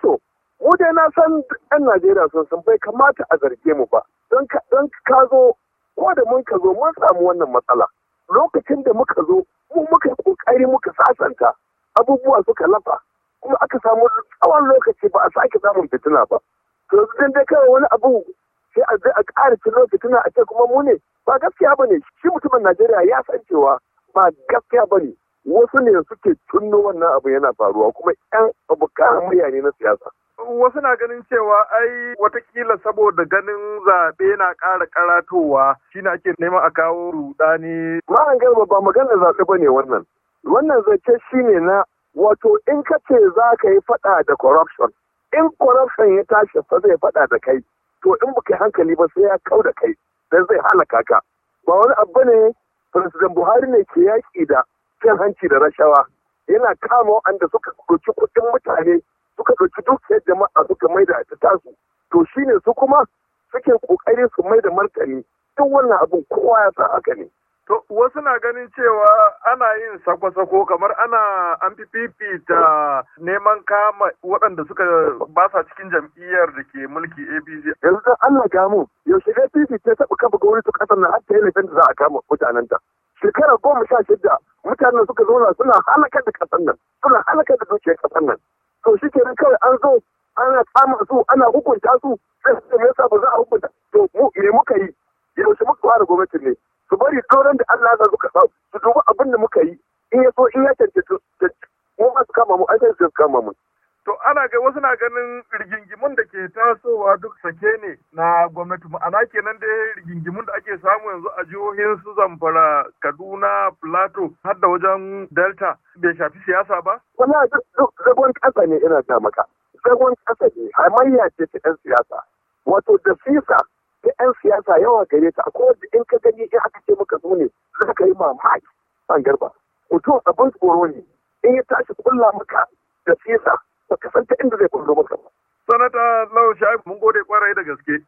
To mu dai na san 'yan Najeriya sun san bai kamata a zarge mu ba. Don ka zo, ko da mun ka zo mun samu wannan matsala. Lokacin da muka zo, mu muka yi muka sasanta abubuwa suka lafa. Kuma aka samu tsawon lokaci ba a sake samun fitina ba. To yanzu dai kawai wani abu sai a zai a ƙara cin fitina a ce kuma mu ne. Ba gaskiya ba ne, shi mutumin Najeriya ya san cewa ba gaskiya ba ne. wasu ne suke tunno wannan abu yana faruwa kuma 'yan abu kamariya ne na siyasa wasu na ganin cewa ai watakila saboda ganin zaɓe na ƙara karatowa shi na ake neman a kawo rudani ma'an garba ba maganar zaɓe ba ne wannan wannan shi ne na wato in ka ce za ka yi faɗa da corruption in corruption ya tashi fa zai faɗa da kai to in kai hankali ba sai ya kau da kai dan zai halaka ka ba wani abu ne president buhari ne ke yaƙi da cin hanci da rashawa yana kama wanda suka ɗauki kuɗin mutane suka ɗauki dukiyar jama'a suka mai da ta tasu to shine su kuma suke ƙoƙari su mai da martani duk wannan abin kowa ya san haka ne. To wasu na ganin cewa ana yin sako-sako kamar ana an fifita neman kama waɗanda suka ba sa cikin jam'iyyar da ke mulki APC. Yanzu dan Allah gamu yaushe APC ta taɓa kafa gauri ta ƙasar nan har ta yi da za a kama mutanenta. Shekara goma sha shida mutanen suka zauna suna halaka da kasan nan suna halakar da dukiyar kasar nan to shi nan kawai an zo ana kama su ana hukunta su sai su ne yasa ba za a hukunta to me muka yi yaushe muka fara gwamnati ne su bari sauran da Allah za su karɓa su dubi abin da muka yi in ya so in ya cancanci mu ba su kama mu an san su kama mu To ana ga wasu na ganin rigingimun da ke tasowa duk sake ne na gwamnati ma'ana kenan da rigingimun da ake samu yanzu a jihohin su Zamfara, Kaduna, Plateau har da wajen Delta bai shafi siyasa ba? Wala duk zagon ƙasa ne ina ta maka. Zagon ƙasa ne manya ce ta 'yan siyasa. Wato da sisa ta 'yan siyasa yawa gare ta a kowace in ka gani in aka ce maka zuni za ka yi mamaki. San garba. Mutum abin tsoro ne in ya tashi kulla maka da fisa baka san ta inda zai kullo maka ba sanata lau shaibu mun gode kwarai da gaske